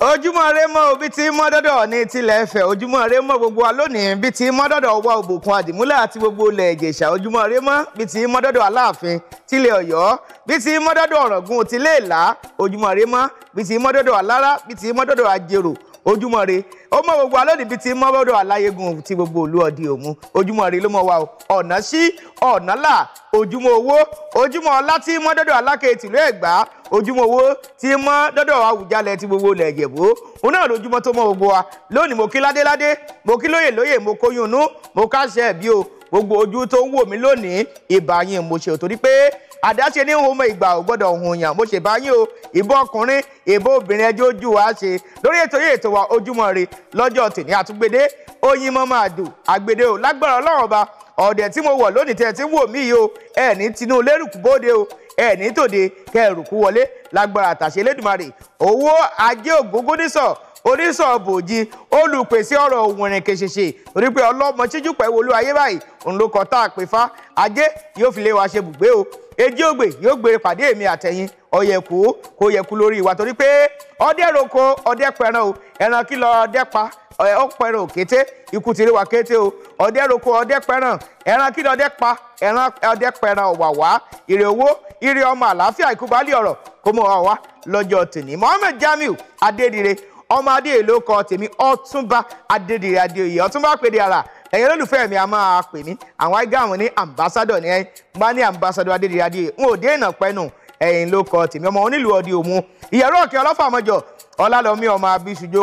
ojúmọ́ rẹ mọ́ òbí tí mọ́ dọ́dọ̀ ní tilẹ̀ ẹ̀fẹ̀ ojúmọ́ rẹ mọ́ gbogbo wa lónìí bí tí mọ́ dọ́dọ̀ wá òbòkun àdìmúlẹ̀ àti gbogbo ilẹ̀ ìjẹ̀ṣà ojúmọ́ rẹ mọ́ bí tí mọ́ dọ́dọ̀ aláàfin tilẹ̀ ọ̀yọ́ bí tí mọ́ dọ́dọ̀ ọ̀ràngún tilẹ̀ èlá ojúmọ́ rẹ mọ́ bí tí mọ́ dọ́dọ̀ alára bí tí mọ́ dọ́dọ̀ àjèrò ojúmọ́ re ó mọ gbogbo alóòdì bíi ti mọ́bọ́dọ̀ aláyégun ti gbogbo òlu ọ̀dì òmu ojúmọ́ re ló mọ̀ wá o ọ̀nà sí ọ̀nà là ojúmọ́ owó ojúmọ́ ọlá tí mọ́ dọ́dọ̀ alákè tìlú ẹ̀gbá ojúmọ́ owó tí mọ́ dọ́dọ̀ àwùjalẹ̀ ti gbogbo ilẹ̀ ìjẹ̀bú òun náà lójúmọ́ tó mọ́ gbogbo wa lónìí mo kí ládéládé mo kí lóyè lóyè mo kóyún inú mo káṣẹ́ bí o gbogbo ojú tó ń wò mí lónìí ìbàyìn mo ṣe torí pé àdáṣe ní ohun ọmọ ìgbà ò gbọ́dọ̀ ohun yàn mo ṣe báyìí o ìbọn ọkùnrin ìbọn obìnrin ẹjọ́ ojú wa ṣe lórí ètò yìí ètò wa ojúmọ́ re lọ́jọ́ tèmi àtúgbédé oyin mọ máa dùn àgbèdè o lágbára Ọlọ́run ọba ọ̀dẹ̀ tí mo wọ̀ lónìí tẹ́ tí ń wò mí yìí o ẹ̀ ní tinú lérùkù bóde o ẹ̀ ní tòde kẹrùkù wọlé lágbára àtàṣe Elédùmarè owó ajé ògógó nísọ̀ onísọ̀bòjì olùpèsè ọ̀rọ̀ òwòrìn kèṣèṣe torí pé ọlọ́mọ ṣíjú pẹ̀lú olú ayé báyìí òun ló kọ́ tá a pè fá ajé yóò fi lé wa ṣe bùgbé o èjì ògbè yóò gbére pàdé èmi àtẹ̀yìn ọ̀yẹ̀kú kò yẹ̀kú lórí ìwà torí pé ọdẹ roko o ẹran kí lọ ọdẹ pa o ọdẹ roko ọdẹ pẹran ẹran kí lọ ọdẹ pa ẹran ọdẹ pẹran owó ọmọ adé èlò kọ tèmi ọtúnba adédìrẹ adéoyè ọtúnba pèdè ara ẹ̀yin olólùfẹ́ mi a máa pè mí àwọn igam ní ambassadọ ní ẹ̀yin bá ní ambassadọ adéoyè n ò dé ìnà pẹ́nu ẹ̀yin ló kọ tèmi ọmọ ọdí òmu ọlọ́fà ọlálọ́mí ọmọ abisujo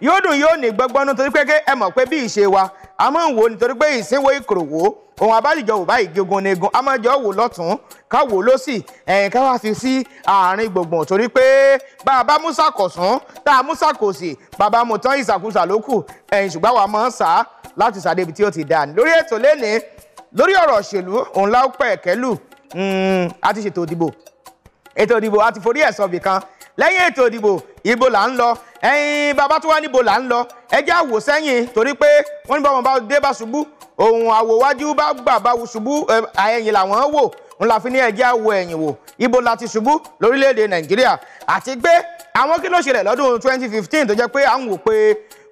yóò dùn yóò ní gbọ́gbọ́n nítorí pé ẹ mọ̀ pé bí ìṣe wa a máa ń wò nítorí pé ìsínwó ìkòròwò òun abájìjọ wò báyìí gígun ni egun a máa jọ wò lọ́tún ká wò lọ́sì ẹ̀yìn ká wá fi sí àárín gbùngbùn torí pé bá a bá musa kọ̀sán tá a musa kò sí bàbá mo tán ìsàkúsà ló kù ẹ̀yìn ṣùgbọ́n wa máa ń sá láti sàdé ibi tí ó ti dà ní lórí ètò lẹ́ni lórí ọ̀rọ̀ òṣèlú òun lápẹ̀ kẹ́lù hmm, a ti ṣètò ìdìbò ètò ìdìbò a ti forí ẹ̀ sọ bìkan lẹ́yìn ètò ìdìbò ìbò là ń lọ ẹ̀yin bàbá tó wá níbo là ń lọ ẹjẹ́ àwò sẹ́yìn torí pé wọ́n ní bọ́mọ bá dé bá ṣubú òun àwòwájú bá gbà bá ṣubú ẹ̀yìn làwọn wò ń la fi ní ẹjẹ́ àwò ẹ̀yìn wò ibo la ṣubú lórílẹ̀ nàìjíríà àti pé àwọn kí ló ṣẹlẹ̀ lọ́dún 2015 tó jẹ́ pé à ń wò pé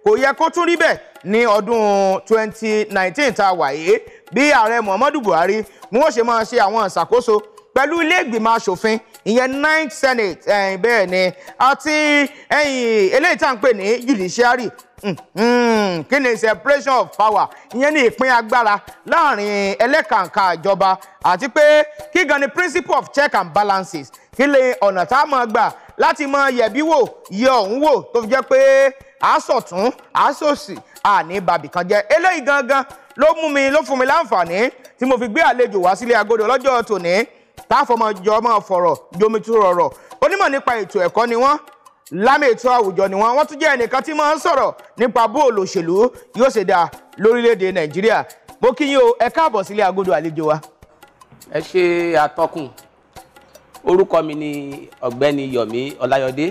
kò yẹ kó tún rí bẹ́ẹ̀ ní ọdún 2019 tá a wà yìí bí ààrẹ muhammadu buhari ni wọ́n ṣe máa ṣe àwọn ìṣàkóso pẹ̀lú ilé ìgbìmọ̀ asòfin ìyẹn ninth senate ẹ̀yìn eh, bẹ́ẹ̀ ni àti ẹ̀yìn eh, eléyìí tá à ń pè ní judiciary hmm, hmm, kí ni separation of power ìyẹn ní ìpín agbára láàrin ẹlẹ́kàǹkà ìjọba àti pé kí gan ni principle of check and balances kí lè ọ̀nà tá a máa gbà láti mọ yẹ̀bí wò yẹ ọ̀hún wò tó fi jẹ́ pé àásọ̀tún àásòsì àní bàbí kan jẹ́ eléyìí gangan ló mú mi ló fún mi láǹfààní tí mo fi gbé àlejò wá sílé agodo lọ́jọ́ tòní táfọmọ jọ mọ fọ̀rọ̀ jomitoro ọ̀rọ̀ onímọ̀ nípa ètò ẹ̀kọ́ ni wọ́n lámì ètò àwùjọ ni wọ́n wọ́n tún jẹ́ ẹnìkan tí máa ń sọ̀rọ̀ nípa bóòlù òṣèlú yóò ṣe dáa lórílẹ̀-èdè nàìjíríà mo kí yín o ẹ káàbọ̀ sílé agodo àlejò wa. ẹ ṣe àtọkùn orúkọ mi ni ọ̀gbẹ́ni Yọ̀mí Ọláyọdé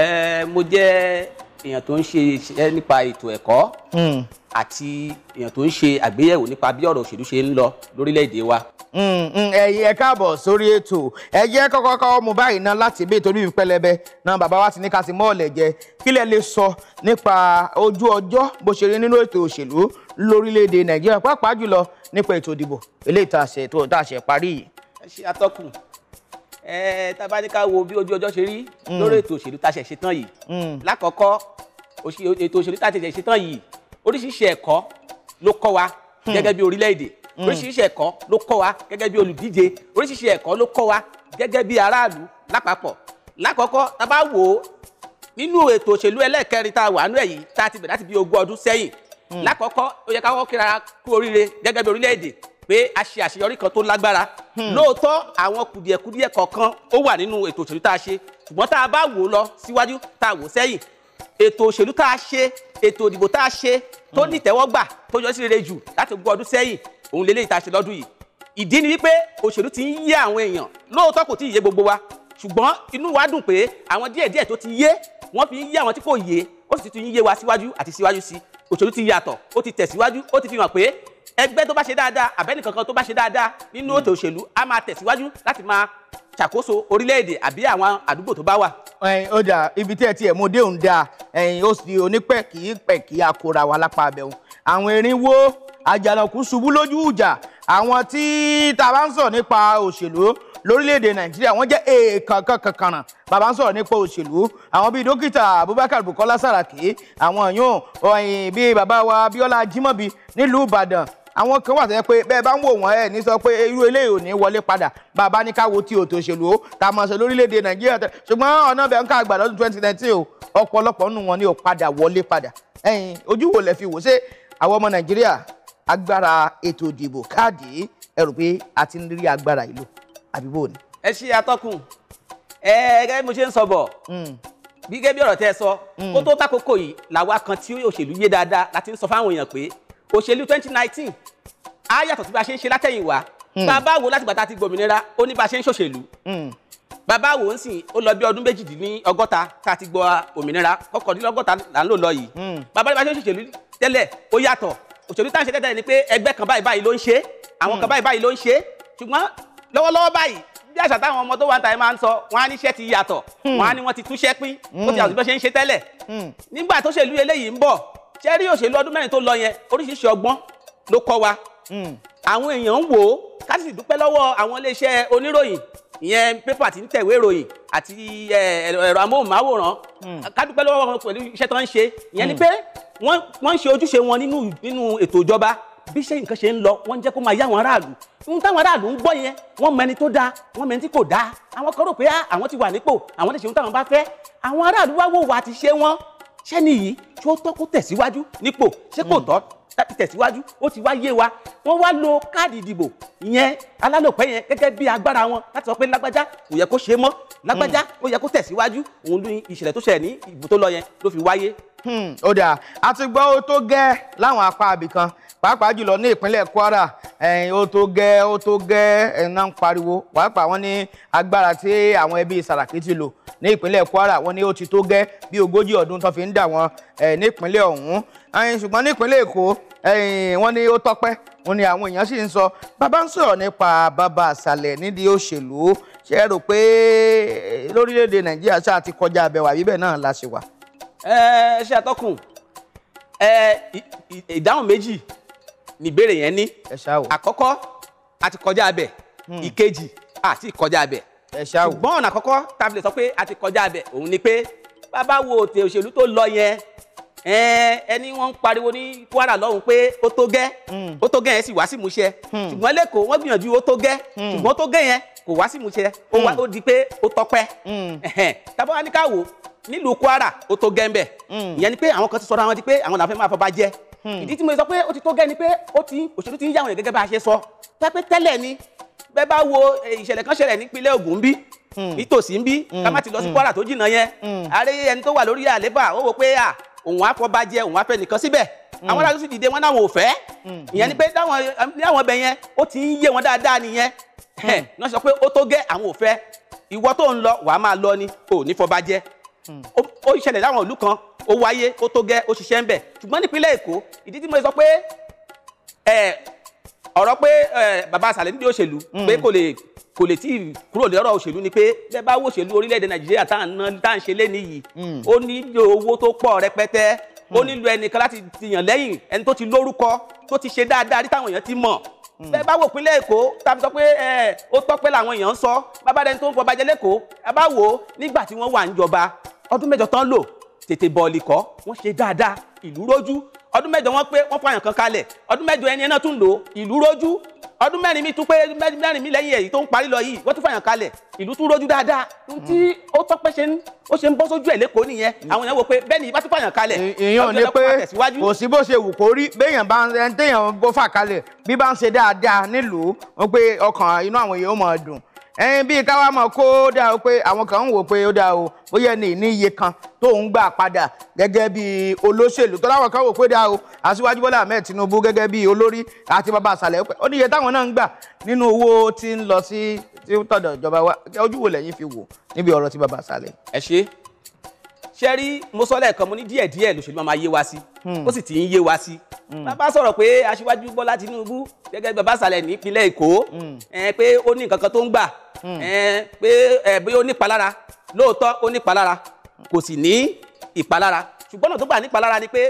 ẹ mo jẹ́ èèyàn tó ń ṣe iṣẹ́ nípa ètò ẹ̀kọ́ hmm. àti èèyàn tó ń ṣe àgbéyẹ̀wò nípa bí ọ̀rọ̀ òṣèlú ṣe ń lọ lórílẹ̀-èdè wa ẹ̀yin mm-hmm. ẹ káàbọ̀ sórí ètò ẹ jẹ́ kọ́kọ́kọ́ mú báyìí náà láti ibi ìtòlú ìpẹlẹbẹ náà bàbá wa ti ní ká ti mọ́ ọ̀lẹ̀ jẹ kílẹ̀ lè sọ nípa ojú ọjọ́ bó ṣe rí nínú ètò òṣèlú lórílẹ̀‐èdè nàìjíríà pàápàá jùlọ nípa ètò ìdìbò eléyìí tá a ṣe tó tá a ṣe parí yìí. ẹ ṣe atọ́kùn ẹ tábà ní ká wo bí ojú ọjọ́ ṣe rí mm. lórí ètò òṣèlú tá a ṣe ṣe tán yìí mm. lákọ̀ọ́kọ́ ètò òṣèlú tá a ṣe ṣe tán yìí oríṣiríṣi ẹ̀kọ́ ló kọ́ wa hmm. gẹ́gẹ́ bí orílẹ̀-èdè Mm. oríṣiríṣi ẹ̀kọ́ ló kọ́ wa gẹ́gẹ́ bí olùdíje oríṣiríṣi ẹ̀kọ́ ló kọ́ wa gẹ́gẹ́ bí aráàlú lápapọ̀ lákọ̀ọ́kọ́ tá bá wò ó nínú ètò òṣèlú ẹlẹ́ẹ̀kẹrin tá a wà nú ẹ̀ tá a ti bẹ̀rẹ̀ láti bí ogún ọdún sẹ́yìn mm. lákọ̀ọ́kọ́ ó yẹ ká kíra kú oríire gẹ́gẹ́ bí orílẹ̀-èdè pé a ṣe àṣeyọrí kan tó lágbára mm. lóòótọ́ àwọn kùdìẹ̀kùdìẹ̀ kọ̀ọ̀kan ó wà nínú ètò òṣèlú tá a ṣe ṣùgbọ́n tá a bá wò ó lọ síwájú tá a wò sẹ́yìn ètò òṣèlú tá a ṣe ètò ìdìbò tá a ṣe tó nítẹ̀wọ́gbà tó yọ sí rere jù láti ogún ọdún sẹ́yìn òun lélẹ́yìí tá a ṣe lọ́dún yìí ìdí ni wípé òṣèlú ti ń yé àwọn èèyàn lóòótọ́ kò tí ì yé gbogbo wa ṣùgbọ́n inú wa dùn pé àwọn díẹ̀díẹ̀ tó ti yé wọ́n fi ń yé àwọn tí kò yé ó sì ti ń yé wa síwájú àti síwájú sí òṣèlú ti yàtọ̀ ó ti tẹ̀síwájú ó ti fi hàn pé ẹgbẹ́ tó bá ṣe dáadáa àbẹ́nìkankan tó bá ṣe dáadáa nínú òtò òṣèlú á máa tẹ̀síwájú láti máa ṣàkóso orílẹ̀-èdè àbí àwọn àdúgbò tó bá wà. ẹyin ó dà ibi tí ẹ ti ẹ̀ mú déhùn dáa ẹyin ó sì onípẹ̀kì pẹ̀kì akora wa lápá abẹ́hùn àwọn erin wo àjànàkú ṣubú lójú ìjà àwọn tí tá a bá ń sọ̀rọ̀ nípa òṣèlú lórílẹ̀‐èdè nàìjíríà wọ́n jẹ́ èèkàn kankankanà bàbá ń sọ̀rọ̀ nípa òṣèlú àwọn bíi dókítà abubakar bukola saraki àwọn yòó ọ̀yìn bíi bàbá wa abiola jimobi nílùú ìbàdàn àwọn kan wà tó yẹ pé bẹ́ẹ̀ bá ń wò wọ́n ẹ̀ ní sọ pé irú eléyìí ò ní wọlé padà bàbá ní ká wo ti òtò òṣèlú ó ta mọ̀ ṣe lórílẹ̀‐èdè nàìjíríà ṣùgbọ́n ọ̀nà bẹ̀ ń ká àgbà lọ́dún twenty nineteen o ọ̀pọ̀lọpọ̀ nù wọn ni ò padà wọlé padà ẹ̀yin ojú wo lẹ fi wò ṣé àwọn ọmọ nàìjíríà agbára ètò ìdìbò káàdì ẹ rò pé a ti ń rí agbára yìí lò àbí bò ni. ẹ ṣe atọ́kùn ẹ gẹ́gẹ́ bí mo ṣe ń sọ bọ̀ hmm. bí gẹ́gẹ́ bí ọ̀rọ̀ tẹ́ ẹ sọ hmm. kó tó takoko yìí làwa kan tí òṣèlú yé dáadáa láti ń sọ fáwọn èèyàn pé òṣèlú twenty nineteen á yàtọ̀ sí bá a ṣe ń ṣe látẹ̀yìnwá hmm. bàbá wo láti gbàtà ti gbòmìnira ó ní bá a ṣe ń ṣòṣèlú bàbá wo ń sìn ó lọ bí ọdún méjìdínlọ́gọ́ta tá a ti gbọ́ òmìnira kọkàndínlọ́gọ́ta là ń lò lọ yìí bàbá yìí bá ṣe ń ṣèṣèlú tẹ́lẹ̀ ó yàtọ̀ òṣèlú tá à ń ṣe tẹ́tẹ́ ni pé ẹgbẹ́ kan báyìí báyìí ló ń ṣe àwọn kan hmm. báyìí báyìí ló ń ṣe ṣùgbọ́n lọ́wọ́lọ́wọ́ báyìí bí àṣà táwọn ọmọ tó wà ń ta ẹ máa ń sọ wọn á ní iṣẹ́ ti yàtọ̀ hmm. wọn á ní wọ́n ti túṣẹ́ pín bó ti hmm. àtúntò ṣe ń ṣe tẹ́lẹ̀ nígbà tó ṣèlú eléyìí ń bọ̀ ṣé rí òṣèlú ọdún mẹ́rin tó lọ yẹn oríṣiríṣi ọgbọ́n ló kọ́ wa àwọn èèyàn ń wò ó ká sì dúpẹ́ lọ́wọ́ àwọn iléeṣẹ́ oníròyìn ìyẹn pépà tí tẹ̀wé ìròyìn àti ẹ̀rọ amóhùnmáwòrán ká lọ́wọ́ pẹ̀lú iṣẹ́ tó ń ṣe ìyẹn ni pé wọ́n ń ṣe ojúṣe wọn nínú nínú ètò ìjọba bí ṣe nǹkan ṣe ń lọ wọ́n ń kó máa yá àwọn aráàlú ohun táwọn aráàlú ń gbọ́ yẹn wọ́n mẹni tó dáa wọ́n mẹni tí kò dáa àwọn kan rò pé ah, àwọn ti wà nípò àwọn lè ṣe ohun táwọn bá fẹ́ àwọn aráàlú wá wò wá ti ṣe wọ́n ṣẹ́ni yìí ṣó tọ́ kó tẹ̀síwájú nípò ṣé kò tọ́ láti tẹ̀síwájú ó ti wá yé wa wọ́n wá lo káàdì ìdìbò ìyẹn alálòpẹ́ yẹn gẹ́gẹ́ bí agbára wọn láti sọ pé lágbájá kò yẹ kó ṣe mọ́ lágbájá hmm. ó yẹ kó tẹ̀síwájú òun ní ìṣẹ̀lẹ̀ tó ṣẹlẹ̀ ní ìbò tó lọ yẹn ló fi wáyé. Hmm, ó dà àti gbọ́ ó tó gẹ́ láwọn apá abìkan pàápàá jùlọ ní ìpínlẹ̀ Kwara ẹyin ó tó gẹ́ ó tó gẹ́ ẹ̀yin náà ń pariwo pàápàá wọ́n ní agbára tí àwọn ẹbí Sàràkí ti lò ní ìpínlẹ̀ Kwara wọ́n ní ó ti tó gẹ́ bí ogójì ọdún tó fi ń dà wọ́n ní ìpínlẹ̀ ọ̀hún ẹyin ṣùgbọ́n ní ìpínlẹ̀ Èkó ẹyin wọ́n ní ó tọ́pẹ́ wọ́n ní àwọn èèyàn sì ń sọ bàbá ń sọ̀rọ̀ nípa bàbá àṣàlẹ̀ nídìí òṣèlú ṣe é rò pé lórílẹ̀ Nàìjíríà ṣáà ti kọjá abẹ́wà bíbẹ̀ náà la ṣe wà. ẹ ṣe àtọkùn ẹ ìdáhùn méjì níbèrè yẹn ní àkọ́kọ́ àti kọjá abẹ hmm. ìkejì àti kọjá abẹ ṣùgbọ́n ọ̀nà àkọ́kọ́ tá a fi lè sọ pé àti kọjá abẹ òun ni pé bàbá wo òtè òṣèlú tó lọ yẹn ẹni wọ́n ń pariwo ní Kwara lọ́hùn pé ó tó gẹ́ hmm. ó tó gẹ́ yẹn sì wá sí ìmúṣẹ hmm. ṣùgbọ́n lẹ́kọ̀ọ́ wọ́n gbìyànjú ó tó gẹ́ ṣùgbọ́n tó gẹ́ yẹn kò wá sí ìmúṣẹ ó di pé ó tọpẹ́ tábọ́ wá ní ká wò nílùú Kwara ó tó gẹ́ ń bẹ̀ ìyẹn ni pé àwọn kan ti sọ̀rọ̀ àwọn di pé àwọn làwọn fẹ́ máa fọba jẹ Hmm. ìdí tí mo sọ pé ó ti tó gẹ́ ni pé ó ti òṣèlú ti ń yàwọn gẹ́gẹ́ bá a ṣe sọ pẹ́pẹ́ tẹ́lẹ̀ ni bẹ́ bá wo eh, ìṣẹ̀lẹ̀ kan ṣẹlẹ̀ nípínlẹ̀ Ògùn bí hmm. nítòsí bí hmm. ká má ti lọ sí Kwara tó jìnnà yẹn àárẹ̀ ẹni tó wà lórí àlébà ó wò pé à òun afọbajẹ òun afẹ nìkan síbẹ̀ àwọn aráàlú sì dìde wọn náà wọn ò fẹ́ ìyẹn ni pé láwọn ọbẹ̀ yẹn ó ti ń yé wọn dáadáa nìyẹn náà sọ pé ó tó gẹ́ àwọn ò fẹ́ ìwọ tó ń lọ wàá máa lọ ni ò ní fọbajẹ ó ṣẹlẹ̀ láwọn ìlú kan ó wáyé ó tó gẹ́ ó ṣiṣẹ́ ń bẹ̀ ṣùgbọ́n nípínlẹ̀ èkó ìdí tí mo sọ pé ọ̀rọ̀ pé bàbá sàlẹ̀ nídìí òṣèlú hmm. pé kò lè kò lè tí ì kúrò lọ́rọ̀ òṣèlú ni pé bẹ́ẹ̀ bá wo òṣèlú orílẹ̀-èdè nàìjíríà tá à ń ṣe lé nìyí hmm. ó nílò owó tó pọ̀ rẹpẹtẹ ó hmm. nílò ẹnìkan láti tìyàn lẹ́yìn ẹni tó ti lórúkọ tó ti ṣe dáadáa rí táwọn èèyàn ti mọ̀ bẹ́ẹ̀ bá wò pínlẹ̀ èkó tàbí sọ pé ẹ ó tọ́pẹ́ làwọn èèyàn ń sọ bàbá rẹ̀ tó ń fọba jẹ lẹ́kọ̀ọ́ ẹ bá wò ó nígbà tí wọ́n wà ń jọba ọdún mẹ́jọ tán lò tètè bọ́ọ̀lì kọ́ wọ́n ṣe dáadáa ìlú rójú ọdún mẹ́jọ wọ́n pé wọ́n fàyàn kan kalẹ̀ ọdún mẹ́jọ ẹni náà tún lò ó ìlú rójú ọdún mẹ́rin mi tún pé mẹ́rin mi lẹ́yìn èyí tó ń parí lọ yìí wọ́n tún fàyàn kalẹ̀ ìlú tún rójú dáadáa tí ó tọ́pẹ́ ṣe ń ó ṣe ń bọ́ sójú ẹ̀ lẹ́kọ̀ọ́ nìyẹn àwọn èèyàn wò pé bẹ́ẹ̀ ni ìbá tún fàyàn kalẹ̀ ìyàn ni pé kò sí bó ṣe wù kó rí béèyàn bá ń téèyàn bó fà kalẹ̀ bí bá ń ṣe dáadáa nílùú wọn pé ọkàn inú àwọn èèyàn ó máa dùn ẹyin bíi káwá mọ̀ kó dáa o pé àwọn kan ń wò pé ó dáa o bóyá ní ní iye kan tó ń gbà padà gẹ́gẹ́ bí olóṣèlú tó láwọn kan wò pé dáa o aṣíwájú Bọ́lá Ahmed Tinubu gẹ́gẹ́ bí olórí àti bàbá àṣàlẹ̀ ó ní iye táwọn náà ń gbà nínú owó tí ń lọ sí tí ń tọ̀dọ̀ ìjọba wa ojú wo lẹ́yìn fi wò níbi ọ̀rọ̀ tí bàbá àṣàlẹ̀. ẹ ṣe ṣe rí mo sọ lẹ́ẹ̀kan mo ní díẹ̀díẹ̀ lòṣèlú máa yé wa sí hmm. ó sì ti ń yé wa sí bàbá sọ̀rọ̀ pé aṣíwájú bọ́lá tinubu gẹ́gẹ́ bàbá sàlẹ̀ nípínlẹ̀ èkó hmm. pé ó ní nǹkan kan tó ń gbà hmm. pé bóyá ó ní ìpalára lóòótọ́ ó ní ìpalára kò sì ní ìpalára ṣùgbọ́n náà tó gbà ní ìpalára ni pé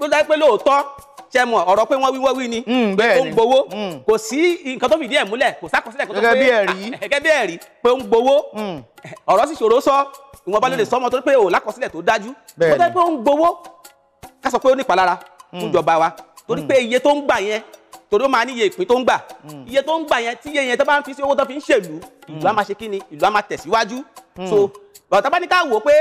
ló dá pé lóòótọ́ ṣe mọ ọ̀rọ̀ pé wọ́n wí wí ni hmm, pé ó ń gbowó kò sí nǹkan tó fìdí ẹ̀ múlẹ̀ kò sákọsílẹ̀ kó tó pé gẹ́gẹ́ bí ẹ̀rí pé ó ń gbowó ọ̀rọ̀ sì ṣòro sọ ìwọ̀nba ló lè sọ ọmọ tó pé ò lákọsílẹ̀ tó dájú tó dá pé ó ń gbowó ká sọ pé ó ní ìpalára fúnjọba wa torí pé iye tó ń gbà yẹn torí ó máa níye ìpín tó ń gbà iye tó ń gbà yẹn tí iye yẹn tó bá ń fi sí owó tó fi ń ṣèlú ìlú á máa ṣe kí ni ìlú á máa tẹ̀síwájú so bàtà bá ní ká wò ó pé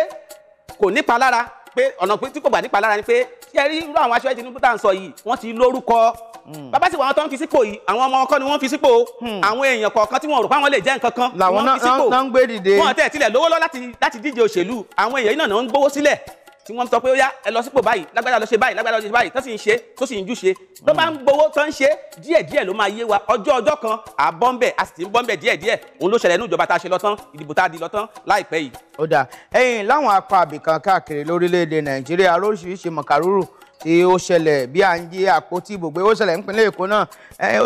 kò nípa lára pé ọ̀nà tí kò gbà nípa lára ni pé ṣé rí irú àwọn aṣọ Tinubu tá à ń sọ yìí wọ́n ti lórúkọ hmm. bàbá sì wọ́n tó ń fi sípò yìí àwọn ọmọ ọkọ ni wọ́n ń fi sípò hmm. àwọn èèyàn kọ̀ọ̀kan tí wọ́n rò pé àwọn lè jẹ́ nǹkan kan làwọn náà ń gbé dìde wọ́n tẹ̀ tilẹ̀ lówó lọ láti díje òṣèlú àwọn èèyàn yìí náà ń gbówó sílẹ̀ tí wọ́n sọ pé ó yá ẹ lọ sípò báyìí lágbádá lọ ṣe báyìí lágbádá lọ ṣe báyìí tó sì ń ṣe tó sì ń jù ṣe tó bá ń gbowó tó ń ṣe díẹ̀ díẹ̀ ló máa yé wa ọjọ́ ọjọ́ kan à bọ́ ń bẹ̀ a sì ti ń bọ́ ń bẹ̀ díẹ̀ díẹ̀ òun ló ṣẹlẹ̀ nínú ìjọba tá a ṣe lọ́tán ìdìbò tá a di lọ́tán láìpẹ́ yìí. ó dà ẹ̀yin láwọn apá abìkan káàkiri lórílẹ̀‐èdè nàìjíríà lóríṣiríṣi mọ̀kàrúrù tí ó ṣẹlẹ̀ bí à ń jí àpótí ìbògbé ó ṣẹlẹ̀ nípínlẹ̀ èkó náà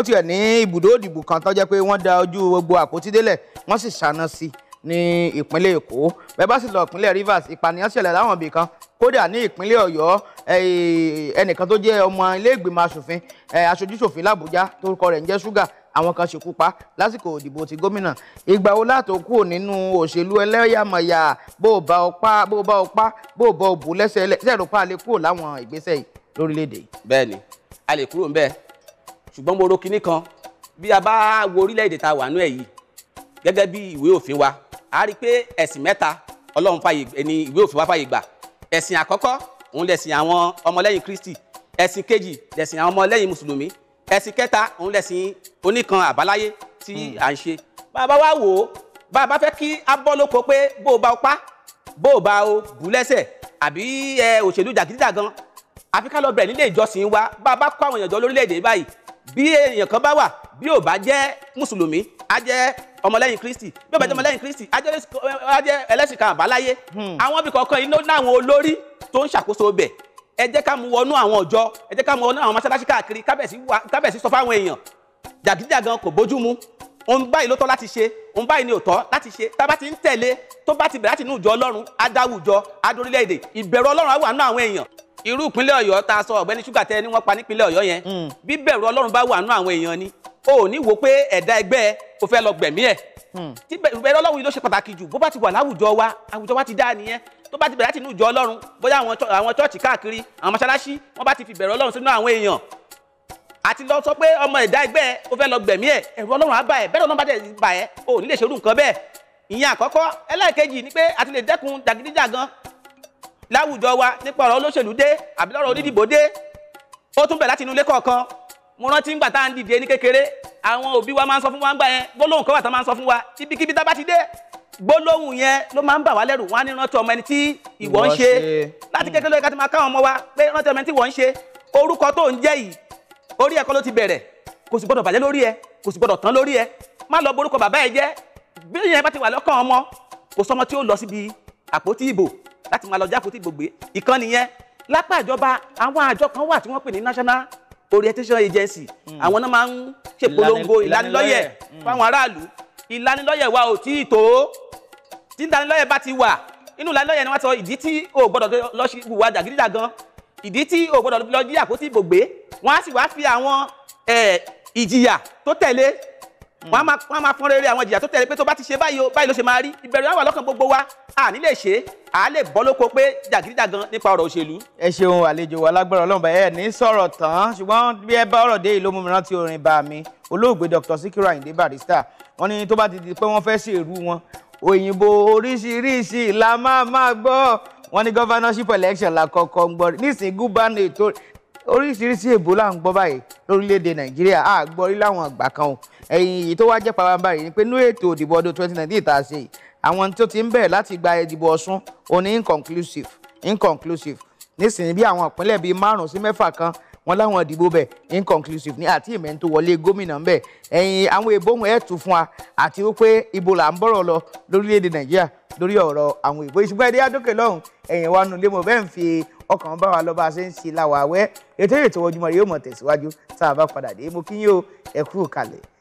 ó tiẹ̀ ní ibùdó òdìbò kan tó jẹ́ pé wọ́n da ojú gbogbo àpótí délẹ̀ wọ́n sì ṣáná sí i ní ìpínlẹ̀ èkó bẹ́ẹ̀ bá sì lọ ìpínlẹ̀ rivers ìpànìyàn ṣẹlẹ̀ láwọn ibì kan kódà ní ìpínlẹ̀ ọ̀yọ́ ẹnìkan tó jẹ́ ọmọ ilé ìgbìmọ̀ asòfin aṣojúṣòfin làbújá torúkọ rẹ̀ ń jẹ́ ṣúgà àwọn kan ṣekú pa lásìkò òdìbò ti gómìnà ìgbà wo látò kúrò nínú òṣèlú ẹlẹ́yàmẹ̀yà bó o bá ọpá bó o bá ọpá bó o bá òbú lẹ́sẹ̀ lẹ́sẹ̀rò pa lè kúrò láwọn ìgbésẹ̀ yìí lórílẹ̀‐èdè. bẹ́ẹ̀ni a lè kúrò ńbẹ̀ ṣùgbọ́n mo ro kinní kan bí a bá wo orílẹ̀-èdè ta wà nú ẹ̀ yìí gẹ́gẹ́ bí ìwé òfin wa a rí i pé ẹ̀sìn mẹ́ta ọlọ́run fàyè ni ìwé òfin wa fàyè gbà ẹ̀sìn àkọ́kọ́ òun lẹ̀sìn àwọn ọmọlẹ́yìn kristi ẹ̀sìn kejì lẹ̀sìn àwọn ọmọlẹ́yìn mùsùlùmí ẹ̀sìn kẹta òun lẹ̀sìn oníkan àbáláyé tí à ń ṣe bàbá wa wò ó bàbá fẹ́ kí a bọ́ lóko pé bó o bá o pa bó o bá o bù lẹ́sẹ̀ àbí ẹ òṣèlú jàgídíjàgan àfi ká lọ bẹ̀rẹ̀ nílé ìjọsìn wa bàbá kó àwọn èèyàn jọ lórílẹ̀ báyìí bí èèyàn kan bá wà bí ò bá jẹ́ mùsùlùmí á jẹ́ ọmọlẹ́yìn kristi bí ò bá jẹ́ ọmọlẹ́yìn kristi á jẹ́ ẹlẹ́sìn kan àbáláyé hmm. àwọn ibi kọ̀ọ̀kan iná láwọn olórí tó ń ṣàkóso bẹ̀ ẹ jẹ́ ká mú wọnú àwọn ọjọ́ ẹ jẹ́ ká mú wọnú àwọn mọ́ṣáláṣí káàkiri kábẹ̀sí sọ fáwọn èèyàn jàgídíjàgan kò bójú mu òun báyìí ló tọ́ láti ṣe òun báyìí ni ò tọ́ láti ṣe tá a bá ti ń tẹ̀lé tó bá ti bẹ̀rẹ̀ láti inú ìjọ ọlọ́run adáwùjọ adorílẹ̀-èdè ìbẹ̀rù ọlọ́run á wà nínú àwọn èèyàn irú ìpínlẹ̀ ọ̀yọ́ ta a sọ ọ̀gbẹ́ni ṣúgà tẹ́ ni wọ́n pa nípínlẹ̀ ọ̀yọ́ yẹn hmm. bí bẹ̀rù ọlọ́run bá wà nú àwọn èèyàn ni o ní wo pé ẹ̀dá ẹgbẹ́ o fẹ́ lọ gbẹ̀mí ẹ̀ hmm. tí bẹ̀rù ọlọ́run yìí ló ṣe pàtàkì jù bó bá ti wà láwùjọ wa àwùjọ wa ti dá nìyẹn tó bá ti bẹ̀rẹ̀ láti inú ìjọ ọlọ́run bóyá àwọn chọ́ọ̀chì káàkiri àwọn mọ́ṣáláṣí wọ́n bá ti fi bẹ̀rù ọlọ́run o fẹ́ lọ gbẹ̀mí ẹ̀ ẹ̀rù ọlọ́run á bà ẹ́ bẹ́ẹ̀ ọlọ́run bá dẹ̀ bà ẹ́ o ò ní lè ṣerú nǹkan bẹ́ẹ̀ ìyẹn àkọ́kọ́ ni pé láwùjọ wa nípa ọ̀rọ̀ olóṣèlú dé àbí lọ́rọ̀ onídìbò dé ó tún bẹ̀ láti inú ilé kọ̀ọ̀kan mo rántí ńgbà tá à ń dìde ní kékeré àwọn òbí wa máa ń sọ fún wa ńgbà yẹn gbólóhùn kan wà tá máa ń sọ fún wa ibikíbi tá ti dé gbólóhùn yẹn ló máa ń bà wá lẹ́rù wọn á ní rántí ọmọ ẹni tí ìwọ ń ṣe láti hmm. kékeré lóye ká ti máa káwọn ọmọ wa pé rántí ọmọ ẹni tí ìwọ ń ṣe orúkọ tó ń jẹ́ yìí orí ẹ̀kọ́ ló ti bẹ̀rẹ̀ kò sì gbọ́dọ̀ bàjẹ́ lórí ẹ kò sì gbọ́dọ̀ tán lórí ẹ má lọ borúkọ bàbá ẹ jẹ́ bí yẹn bá ti wà lọ́kàn ọmọ kò sọmọ tí ó lọ síbi àpótí ìbò láti máa lọ jáfotì gbogbo ìkan nìyẹn lápá ìjọba àwọn àjọ kan wà tí wọ́n pè ní national orientation agency hmm. àwọn náà máa ń ṣèpolongo ìlanilọ́yẹ̀ hmm. fáwọn aráàlú ìlanilọ́yẹ̀ wa ò tí ì tó tí ìlanilọ́yẹ̀ bá ti wà inú ìlanilọ́yẹ̀ ni wọ́n sọ ìdí tí o gbọ́dọ̀ lọ sí ìwà jàgídíjà gan ìdí tí o gbọ́dọ̀ lọ jí àpótí ìbògbé wọ́n á sì wá fi àwọn ìjìyà tó tẹ̀lé wọn á máa wọn á máa fọ́n rere àwọn ìjìyà tó tẹ̀lé pé tó bá ti ṣe báyìí o báyìí ló ṣe máa rí ìbẹ̀rù àwọn àlọ́kàn gbogbo wa à ní lè ṣe à lè bọ́ lóko pé jàgídíjàgan nípa ọ̀rọ̀ òṣèlú. ẹ ṣeun àlejò wa lágbára Ọlọ́run bá ẹ ní sọ̀rọ̀ tán ṣùgbọ́n bí ẹ bá ọ̀rọ̀ dé yìí ló mú mi rántí orin bá mi olóògbé Dr. Sikiru Ayinde Barrister wọn ní tó bá ti di pé wọn fẹ́ ṣèrú wọn òyìnbó oríṣiríṣi la máa máa gbọ́ wọn ní governorship election la kọ́kọ́ ń gbọ́ nísìnyí gúbánà ètò oríṣiríṣi èbó là ń gbọ́ báyìí lórílẹ̀‐èdè nàìjíríà a gbọ́ rí láwọn àgbà kan o ẹ̀yìn èyí tó wá jẹ́ pàápàá yìí ni pé ní ètò ìdìbò ọdún 2019 tá a ṣe àwọn tó ti ń bẹ̀rẹ̀ láti gba ìdìbò ọ̀sùn òní inconclusive inconclusive nísìnyí bí àwọn ìpínlẹ̀ bíi márùn-ún sí mẹ́fà kan wọn láwọn ìdìbò bẹ̀ inconclusive ní àti ìmẹ̀ tó wọlé gómìnà bẹ̀ ẹ̀yìn àwọn ìbòhùn ẹ̀ tù fún wa àti wípé ibo là ń bọ̀rọ̀ lọ lórílẹ̀‐èdè nàìjíríà lórí ọ̀rọ̀ àwọn ìbò ìṣùgbọ́n ẹ̀dẹ́ àdókè lọ́hùn ẹ̀yìn wa nulẹ̀ mọ̀ bẹ́ẹ̀ ń fi ọkàn bá wa lọ bá a ṣe ń ṣe láwàáwẹ́ ètò ètò Ojúmọ́ yóò mọ̀ tẹ̀síwájú tá a bá padà dé mo kí yín o ẹ kú kalẹ̀.